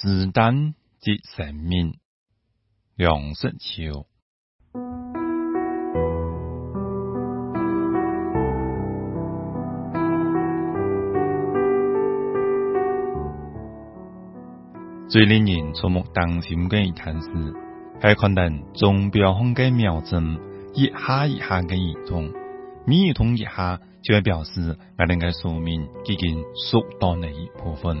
時間即生命，梁實秋。最令人觸目動心嘅一件事，係可能鐘表紅的秒針一下一下移動，童，一針一下，一哈就係表示佢哋嘅生命已經縮短嘅一部分。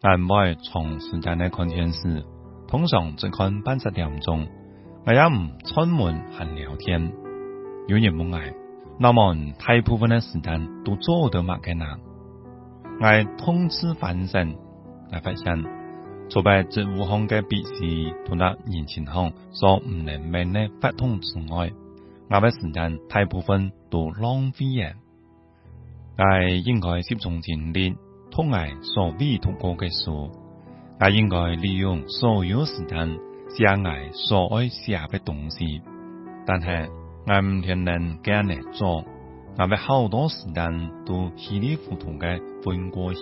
但唔會長時間的看電視，通常只看半只點鐘，我也唔出門閒聊天，有人問我，那麼大部分的時間都做唔到乜呢？我通徹反省，我發現，除了職務上的必須同那人情上，所唔能免個活動之外，我啲時間大部分都浪費嘅，我應該集中精力。通愛所未讀過嘅書，我應該利用所有時間，寫我所愛寫嘅東西。但是，俺唔天然咁嚟做，俺為好多時間都稀裏糊塗嘅混過去。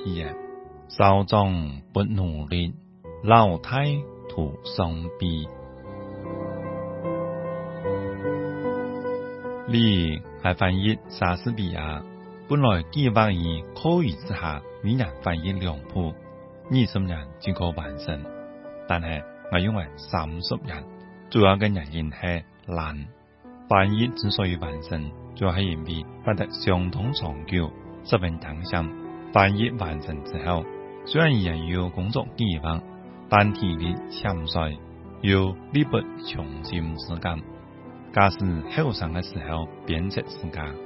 少壯不努力，老大徒傷悲。你係翻譯莎士比亞。本來計劃於課餘之暇每年翻譯兩部，二十年即可完成。但係我認為三十年，主要嘅原因係懶翻譯，之所以完成，主要的相同成就係因為活得相當長久，十分驚人。翻譯完成之後，雖然仍有工作計劃，但體力漸衰有力不從心之感，假使後生嘅時候鞭策自己。